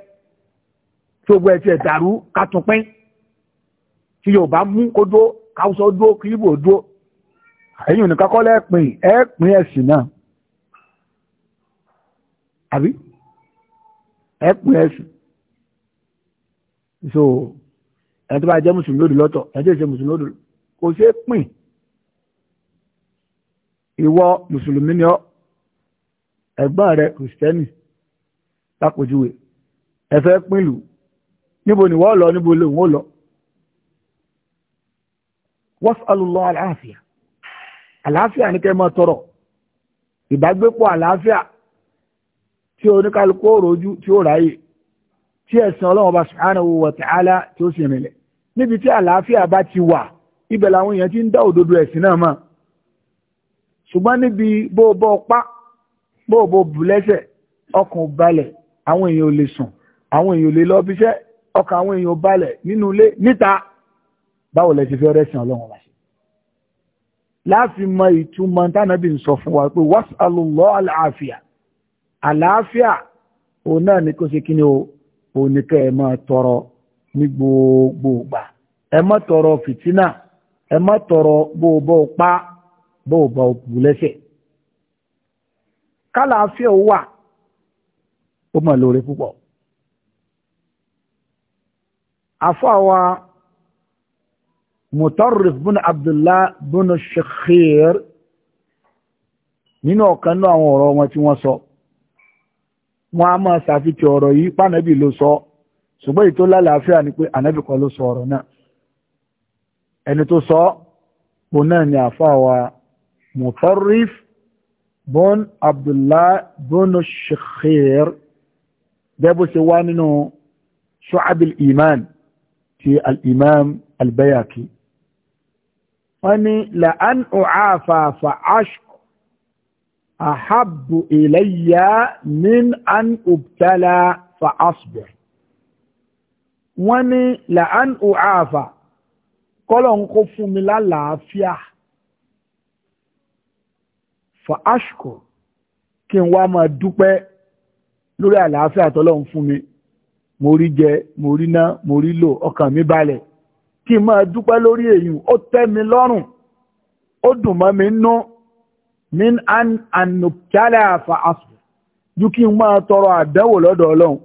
tí ogun ẹ̀ tiẹ̀ dàrú ká tún pín tí yóò bá mú kó dúró káwùsọ dúró kí ibò dúró ẹ̀yìn ò ní kakọ́ lẹ́ẹ̀pìn ẹ̀ pín ẹ̀sìn náà àbí ẹ̀ ẹ̀sìn so ẹ̀ tó bá jẹ́ mùsùlùmí lòdì lọ́tọ̀ ẹ̀ tó jẹ́ mùsùlùmí lòdì lọ́tọ̀. kò é pín ìwọ mùsùlùmí ni ọ ẹ̀gbọ́n rẹ kìrìsìtẹ́nì lápòjúwe ẹ fẹ́ pínlù níbo ni wọ́n lọ níbo lòun ó lọ wasalullah àlàáfíà àlàáfíà ní kẹ́ mọ́ tọrọ ìbágbépọ̀ àlàáfíà tí oníkálukú òròjú tí ó ráyè tí ẹ̀sìn ọlọ́wọ́ bá subhanahu wa ta'ala tí ó sì rìnlẹ̀ níbi tí àlàáfíà bá ti wà ibẹ̀ làwọn èèyàn ti ń dá òdodo ẹ̀sìn náà mọ̀ ṣùgbọ́n níbi pa bó bù lẹ́sẹ̀ ọkàn ò balẹ̀ àwọn èèyàn ò lè sùn àwọn èèyàn ò lè lọ bíṣẹ́ ọkàn àwọn èèyàn ò balẹ̀ nínú ilé níta báwo lẹ ti fẹ́ rẹ́sìn ọlọ́run wáṣẹ́ láàfin mọ ìtumọ̀ tánàbí ń sọ fún wa ni kò ṣe o òun ni kẹ́ ẹ máa tọrọ ní gbogbo ìgbà ẹ má tọrọ bó o bá o pa bó o bá o kù lẹ́sẹ̀ kálàáfíà ó wà ó mọ̀ lóore púpọ̀ àfọwà mutarrif bin abdullah bin shakhir nínú ọ̀kan náà àwọn ọ̀rọ̀ wọn tí wọ́n sọ wọn a máa ṣàfihàn ọ̀rọ̀ yìí pànàbì ló sọ ṣùgbọ́n ètò lálàáfíà ni pé ànábì kan ló sọ ọ̀rọ̀ náà ẹni tó sọ bó náà ni àfáwà mutarrif bon abdullah bono shekhir gẹ́gbó ṣe wá nínú ṣọ́ábìl iman ti al-imam al-bayaki wọ́n ni la'an ọ̀áfà fa'ashk ahabbu ilayya min an ubtala fa'asbir wọ́n ni la'an ọ̀áfà kọ́lọ̀ ń kó fún mi lálàáfíà fa ashko kí n wá máa dúpẹ́ lórí àlàáfíà tọ́lọ̀ ń fún mi mo rí jẹ mo rí ná mo rí lò ọkàn mi balẹ̀ kí n máa dúpẹ́ lórí èyí ó tẹ́ mi lọ́rùn ó dùn mọ́ mi nú min an anukala fa ashko ju kí n máa tọrọ àdánwò lọ́dọ̀ ọlọ́run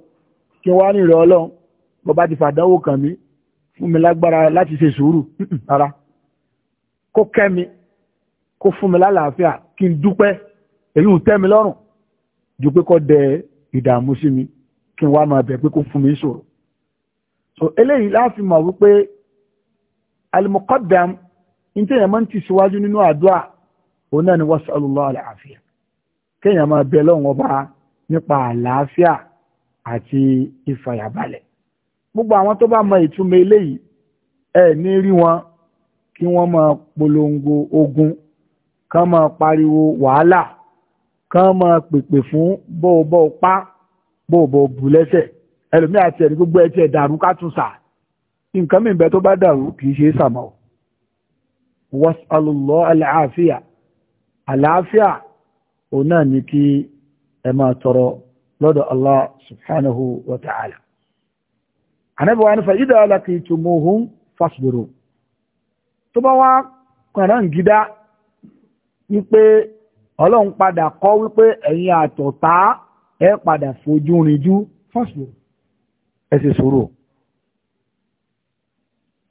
kí n wá ní ọlọ́run bó ti fàdánwò kàn mí fún mi lágbára láti ṣe sùúrù rárá kó kẹ́mi kó fún mi lálàáfíà kí n dúpẹ́ èyí ò tẹ́ mi lọ́rùn ju pé kó dẹ ìdààmú sí mi kí n wá máa bẹ̀ pé kó fún mi ìṣòro so eléyìí láàfin mọ̀ wípé alimọ̀kọ́dàm ní tí máa ń tì síwájú nínú àdúrà òun náà ni wasallallahu àlàáfíà kéèyàn máa bẹ lọ́wọ́ ọba nípa àlàáfíà àti ìfàyàbalẹ̀ gbogbo àwọn tó bá mọ ìtumọ̀ eléyìí ẹ ní rí wọn kí wọ́n máa polongo ogun kán máa pariwo wàhálà kán máa pèpè fún bóòbó pa bóòbó bù lẹ́sẹ̀ ẹlòmí àti ẹni gbogbo ẹ tiẹ̀ dàrú ká tún sà nǹkan mìíràn tó bá dàrú kì í ṣe é sàmọ́ àlàáfíà àlàáfíà òun náà ní kí ẹ máa ànábì wa ní fa idha laqitumuhum fasbiru tó bá wá kànáà gidá wípé ọlọ́run padà kọ́ wípé ẹ̀yin àtọ̀tá ẹ padà fojú rinjú fasbiru ẹ sì sùúrù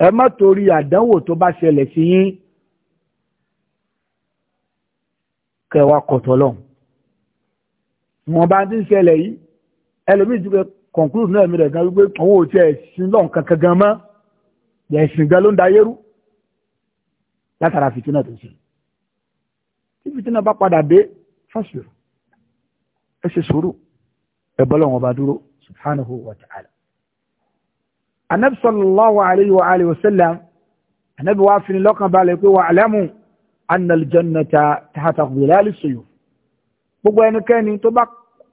ẹ má torí àdánwò tó bá ṣẹlẹ̀ sí yín kẹwàá kọ̀tọ̀ lọ́hùn wọn bá ti ń ṣẹlẹ̀ yìí ẹlòmíì ti pẹ́ conclude náà mi rẹ̀ gan wípé àwọn ò tiẹ̀ sin lọ́n kankan gan mọ́ ẹ̀sìn gan ló ń da yẹ́rú látara fìtínà tó ń sìn tí fìtínà bá padà dé fásitì ẹ ṣe sùúrù ẹ bọ́ lọ́wọ́ ọba dúró subhanahu wa ta'ala. anabi sallallahu alayhi wa alayhi wa sallam anabi wa fi ni balẹ̀ pé wa alamu anna aljannata tahta dhilali suyuf gbogbo ẹnikẹ́ni tó bá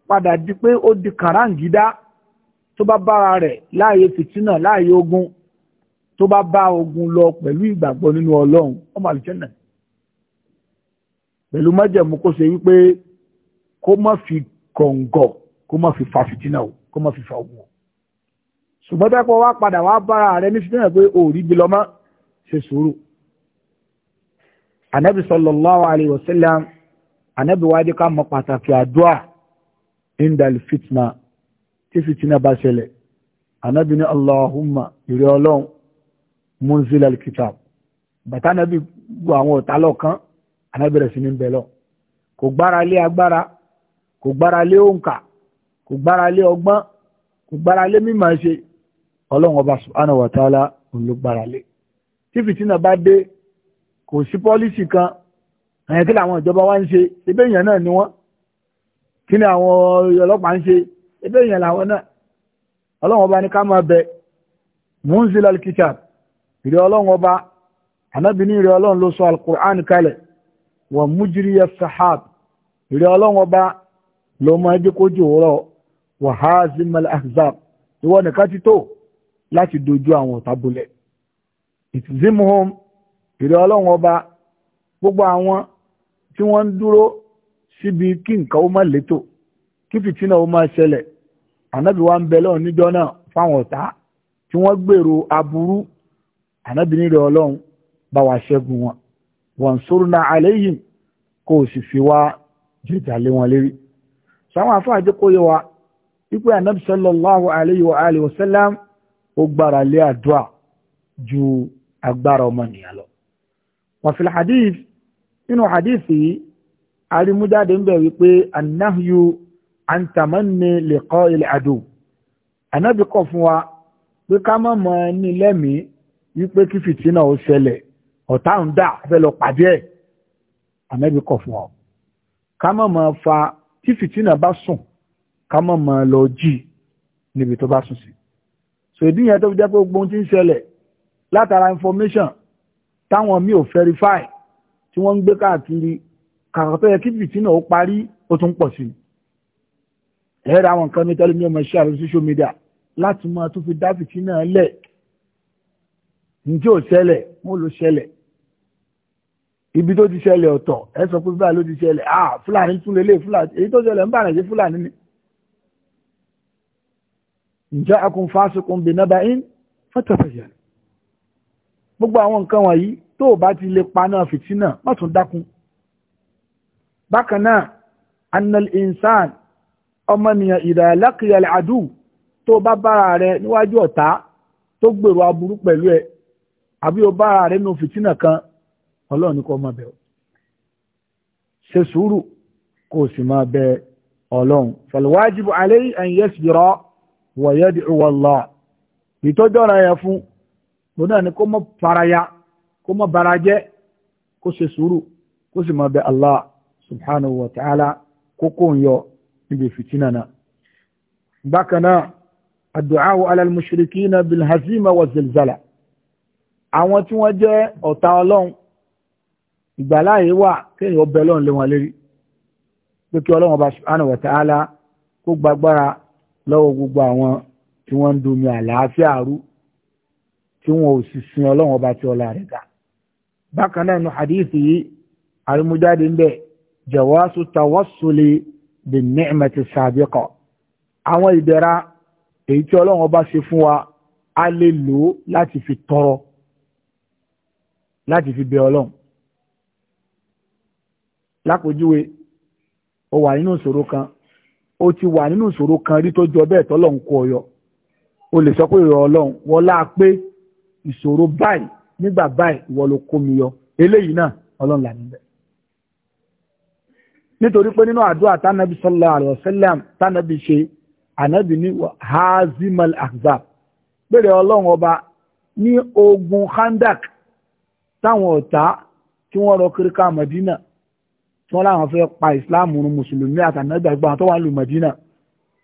padà di pé ó di kàráǹgídá tó bá bára rẹ̀ láàyè fìtínà láàyè ogun tó bá bá ogun lọ pẹ̀lú ìgbàgbọ́ nínú ọlọ́run ọmọ àlùjẹ́nà pẹ̀lú májẹ̀mú kó ṣe wípé kó má fi kọ̀ǹgọ̀ kó má fi fa fìtínà o kó má fi fa ogun o ṣùgbọ́n tẹ́pọ̀ wá padà wá bára rẹ̀ ní fìtínà pé òòrí gbi lọ́mọ́ ṣe sùúrù anabi sallallahu alayhi wa sallam anabi wa di ká mọ pàtàkì àdúrà indal fitna tí fìtínà bá ṣẹlẹ̀ anábì ní allahumma ìrẹ́ ọlọ́run munzil alkitab bàtà anábì gbọ́ àwọn ọ̀tá lọ́kàn anábì rẹ̀ sí ní bẹ̀lọ́ kò gbára lé agbára kò gbára lé òǹkà kò gbára lé ọgbọ́n kò gbára lé mímọ̀ ṣe ọlọ́run ọba subhanahu wa ta'ala òun ló gbára lé tí fìtínà bá dé kò sí pọ́lísì kan àyẹ̀kí làwọn ìjọba wa ń ṣe ebéèyàn náà ni wọ́n kí ni àwọn ọlọ́pàá ń ṣe ebe èèyàn làwọn na ọlọ́run ọba ká máa bẹ munzil alkitab ìrẹ́ ọlọ́run ọba ànábì ní ló sọ alukur'an kalẹ̀ mujiri mújíríyà sahab ìrẹ́ ọlọ́run ló máa jẹ́ kójú òwúrọ̀ wọ́n hazimal ahzab ìwọ nìkan ti tó láti dojú àwọn gbogbo àwọn tí wọ́n ń dúró kí fìtínà ó máa ṣẹlẹ̀ ànábì wa ń bẹ lọ́run níjọ́ náà fáwọn ọ̀tá tí wọ́n gbèrò aburú ànábì nílẹ̀ ọlọ́run bá wa ṣẹ́gun wọn wansurna alayhim kó o sì fi wá jìjà lé wọn lérí sáwọn afáàjẹ́ kó yẹ wa wípé ànábì sallallahu alayhi wa alihi wa sallam ó gbára lé àdúrà ju agbára ọmọnìyàn lọ wa fil hadith nínú hadith yìí arimújáde ń bẹ̀ wípé annahyu àǹtàmọ́ni lè kọ́ ilẹ̀ àdó ànábì kọ̀ fún wa pé ká má mọ ní lẹ́mìí wípé kí fìtínà ó ṣẹlẹ̀ ọ̀tá ń dà fẹ́ lọ pàdé ẹ̀ ànábì kọ̀ fún wa ká má mọ fa tí fìtínà bá sùn ká má mọ lọ jí níbi tó bá sùn sí so ìdí yẹn tó fi jẹ́ pé gbogbo ohun tí ń ṣẹlẹ̀ látara information táwọn mi ò verify tí wọ́n ń gbé káàkiri kàkà yẹ kí fìtínà ó parí ó tún pọ̀ sí i ẹ̀rọ àwọn nǹkan mẹ́tẹ́lú ní ọmọ iṣẹ́ àrùn social media láti máa tún fi dá fìtí náà lẹ̀ ǹjẹ́ ò ṣẹlẹ̀ mo ló ṣẹlẹ̀ ibi tó ti ṣẹlẹ̀ ọ̀tọ̀ ẹ sọ pé báyìí ló ti ṣẹlẹ̀ ah fúlàní tún lélẹ̀ fúlàní èyí tó ṣẹlẹ̀ ń bàrẹ̀ sí fúlàní ni. ǹjẹ́ akun fásikun bìnnà báyìí fọ́tọ̀fẹ̀yẹ̀ gbogbo àwọn nǹkan wọ̀nyí tó o bá ti lè paná fìtínà má tún dákun bákan náà anal insan ọmọnìyàn ìdàlákìyà àdù tó bá bára rẹ níwájú ọ̀tá tó gbèrò aburú pẹ̀lú ẹ àbí o bára rẹ fìtínà kan ọlọ́run ní ma máa bẹ̀ ọ́ ṣe sùúrù sì máa bẹ ọlọ́run fàlùwájìbù alẹ́ àyẹ̀sìrọ̀ wọ̀yẹ́dì ìwọ̀lọ́ ìtọ́jọ́ ra yẹ fún faraya bara jẹ́ ṣe sùúrù sì máa bẹ Allah subhanahu wa ta'ala kókó ń yọ níbi fìtínà náà bákan náà àdùáwò alálùmùsùrìkì náà bilhazima wa zelzala àwọn tí wọ́n jẹ́ ọ̀tá ọlọ́run ìgbàláyé wà kéèyàn ọbẹ̀ ọlọ́run lé wọn lérí pé kí ọlọ́run ọba subhanahu wa ta'ala kó gbàgbára lọ́wọ́ gbogbo àwọn tí wọ́n ń domi àlàáfíà rú tí wọn ò sì sin ọlọ́run ọba tí ọlá rẹ̀ ga bákan náà nu yìí àrímújáde ń bẹ̀ jawasu tawassuli bí ni'mati sabiqa àwọn ìdẹ̀ra èyí tí ọlọ́run ọba ṣe fún wa a lè lò ó láti fi tọrọ láti fi bẹ ọlọ́run lápòjúwe ó wà nínú ìṣòro kan ó ti wà nínú ìṣòro kan rí tó jọ bẹ́ẹ̀ tọ́lọ́run kó ọyọ o lè sọ pé ìrọ̀ ọlọ́run wọlá pé ìṣòro báyìí nígbà báyìí ìwọ ló kó mi yọ eléyìí náà ọlọ́run là níbẹ̀ nítorí pé nínú àdúrà tánàbí sallallahu alaihi wasallam tánàbí ṣe ànábì ní hazimal ahzab bẹ̀rẹ̀ ọlọ́run ọba ní ogun khandak táwọn ọ̀tá tí wọ́n rọ kíríkà mọ̀dínà tí wọ́n láwọn fẹ́ pa islam run mùsùlùmí àtànàbí àgbà tó wà lù mọ̀dínà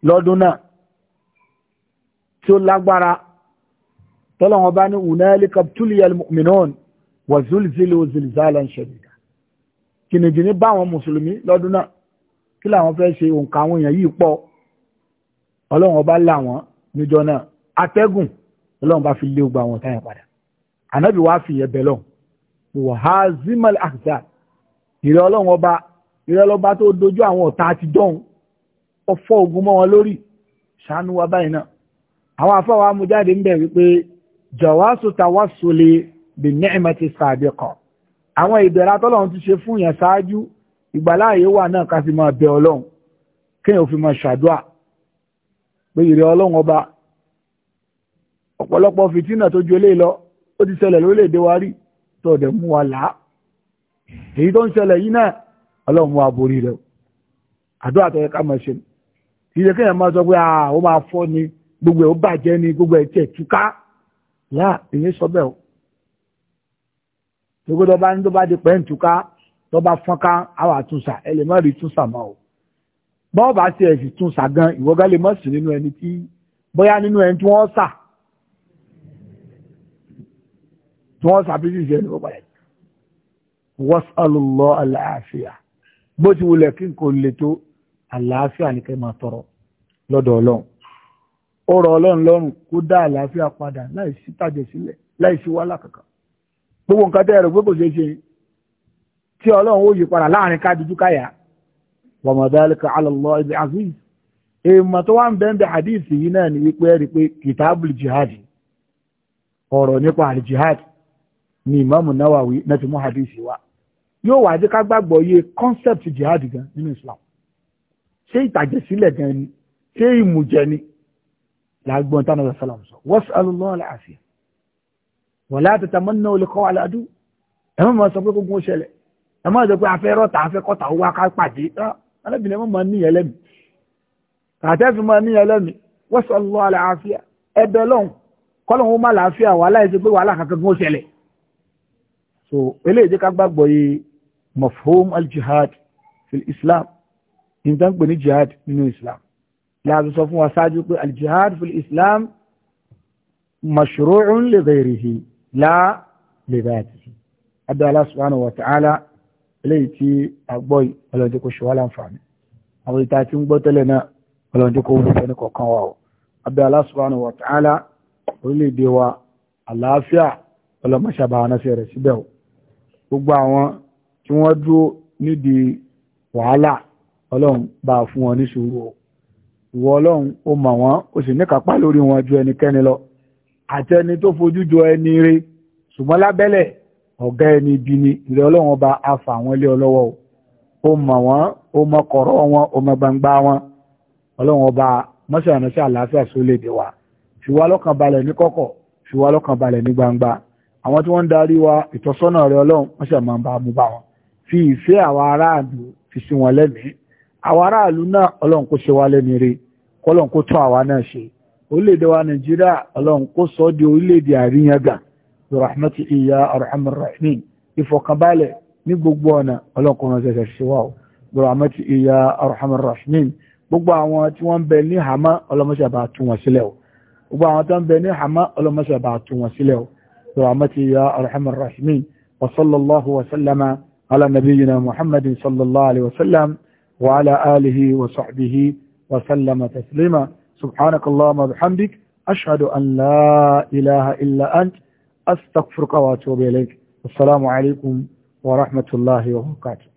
lọ́dún náà tí ó lágbára tọ́lọ́run ọba ní unalika tuliyal mu'minun zilzalan shadid kìnìjìní bá àwọn mùsùlùmí lọ́dún náà kí làwọn fẹ́ ṣe òǹkà àwọn èèyàn yìí pọ̀ ọlọ́run ọba là wọ́n níjọ náà atẹ́gùn ọlọ́run bá fi lé ogbà àwọn táyà padà ànábì wàá fi ẹ̀bẹ̀ lọ wàhálà àkùtà ìrẹ́ ọlọ́run ọba ìrẹ́ ọlọ́ba tó dojú àwọn ọ̀tá àtijọ́ ọfọ́ ogun mọ́ wọn lórí ṣàánú wa báyìí náà àwọn afáwa mú jáde ń bẹ̀ wípé jọ̀wá sọ̀tà wá sọ̀lẹ̀ bí ni'mati sabiqa àwọn ìbẹ̀rẹ̀ atọ́lọ́run ti ṣe fún yẹn ṣáájú ìgbàláàyè wà náà ká sì máa bẹ ọlọ́run kéèyàn ò fi máa ṣàdúà pé ìrẹ́ ọlọ́run ọba ọ̀pọ̀lọpọ̀ fìtínà tó ju eléyìí lọ ó ti ṣẹlẹ̀ lórílẹ̀‐èdè wa rí tó ọ̀dẹ̀ mú wa là á èyí tó ń ṣẹlẹ̀ yìí náà ọlọ́run wa borí rẹ̀ àdúrà tó yẹ ká máa ṣe kì í ṣe máa sọ pé ó máa fọ́ ni gbogbo ẹ̀ ó bàjẹ́ ni gbogbo ẹ̀ tiẹ̀ túká láà èyí sọ bẹ́ẹ̀ o gbogbo tó bá ní tó bá di pẹ́ǹtùká tó bá fọ́nká àwọn àtúnṣà ẹ lè má rí túnṣà mọ́ o bọ́ọ̀ bá ṣe ẹ̀sìn túnṣà gan ìwọ́gá lè mọ̀ sí nínú ẹni tí bóyá nínú ẹni tí wọ́n ṣà tí wọ́n ṣà bísí ìṣẹ́ nípa ẹ̀ wọ́sàlùlọ́ àlàáfíà bó ti wulẹ̀ kí n kò lè tó àlàáfíà ní kẹ́ máa tọrọ lọ́dọ̀ ọlọ́run ó rọ ọlọ́run lọ́rùn kó dá àlàáfíà padà láì sí tàjẹ̀ sílẹ̀ láì sí wàhálà kankan gbogbo nǹkan tẹ́ ẹ̀rọ gbogbo ṣe ṣe tí ọlọ́run ó yí padà láàrin kájújú káyà wàmọ̀dálẹ́kà alọ́lọ́ ibi aziz èèmọ̀ tó wá ń bẹ́ ń bẹ yìí náà ni wípé ẹ̀rí pé kìtàbù jihad ọ̀rọ̀ nípa jihad ni mú wa yóò wá dé ká gbàgbọ́ yé concept jihad gan nínú Islam ṣé gan ni ṣé ìmùjẹ ni làgbọ́n tánà wọ́n sọ alọ́lọ́ wala tatamannaw liqa'a al-adu ẹ má máa sọ pé gbogbo ṣẹlẹ̀ ẹ má sọ pé afẹ́ rọ́ta afẹ́ kọ́ta wá ká pàdé alábìnrin má máa níyẹn lẹ́mìí kàtẹ́fì máa níyẹn lẹ́mìí wasallahu al-afiya ẹbẹ̀ lọ́hùn kọ́lọ́hún má làáfíà wà láìsí pé wàhálà kankan gbó ṣẹlẹ̀ so eléyìí jẹ́ ká gbàgbọ́ yìí mafhum al-jihad fil islam nǹkan pè ní jihad nínú islam láàbí sọ fún wa ṣáájú pé al-jihad fil islam mashru'un li ghayrihi láà lè bá àti adá Allah subhanahu wa ta'ala eléyìí tí agbọ́ yìí ọlọ́dún kò ṣe wá láǹfààní àwọn ìta tí ń gbọ́ tẹ́lẹ̀ náà ọlọ́dún kò wúlò fẹ́ ní kọ̀ọ̀kan wa o adá Allah subhanahu wa ta'ala orílẹ̀-èdè wa àlàáfíà ọlọ́mọṣàbà anáṣẹ́ rẹ̀ síbẹ̀ o gbogbo àwọn tí wọ́n dúró nídìí wàhálà ọlọ́run bá fún wọn ní sùúrù o ìwọ ọlọ́run ó mọ̀ wọ́n ó sì níkàpá lórí wọn ju ẹnikẹ́ni lọ àti ẹni tó fojú jọ ẹni rẹ̀ ṣùgbọ́n lábẹ́lẹ̀ ọ̀gá ẹni bí ni ìrẹ́ ọlọ́run ọba afa àwọn ilé ọlọ́wọ́ o ó mọ̀ wọ́n ó mọ kọ̀rọ̀ wọn ó mọ gbangba wọn ọlọ́run ọba mọ́ṣáláṣí àlàáfíà sólè dé wa fi wá lọ́kàn balẹ̀ ní kọ̀kọ̀ fi wá lọ́kàn balẹ̀ ní gbangba àwọn tí wọ́n ń darí wa ìtọ́sọ́nà rẹ̀ ọlọ́run mọ́ṣáláṣí máa ń bá mú bá wọn fi ìfẹ́ àwọn aráàlú fi sí wọn lẹ́mìí àwọn aráàlú náà ọlọ́run kó ṣe wá lẹ́ni rí kọ́lọ́run kó tún àwa náà ṣe orílẹ̀-èdè wa Nàìjíríà ọlọ́run kó sọ di orílẹ̀-èdè àríyànga rahmatu iya arhamar rahimin ìfọ̀kànbalẹ̀ ní gbogbo ọ̀nà ọlọ́kùnrin ṣẹ̀ṣẹ̀ ṣe wà rahmatu iya arhamar rahimin gbogbo àwọn tí wọ́n ń bẹ ní hàmá ọlọ́mọṣàbà tún wọn sílẹ̀ o gbogbo àwọn tó ń bẹ ní hàmá ọlọ́mọṣàbà tún wọn sílẹ̀ o rahmatu iya arhamar rahimin subhanaka allahumma bihamdik ashhadu an la ilaha illa ant astaghfiruka wa atubu ilaik assalamu alaikum wa rahmatullahi wa barakatuh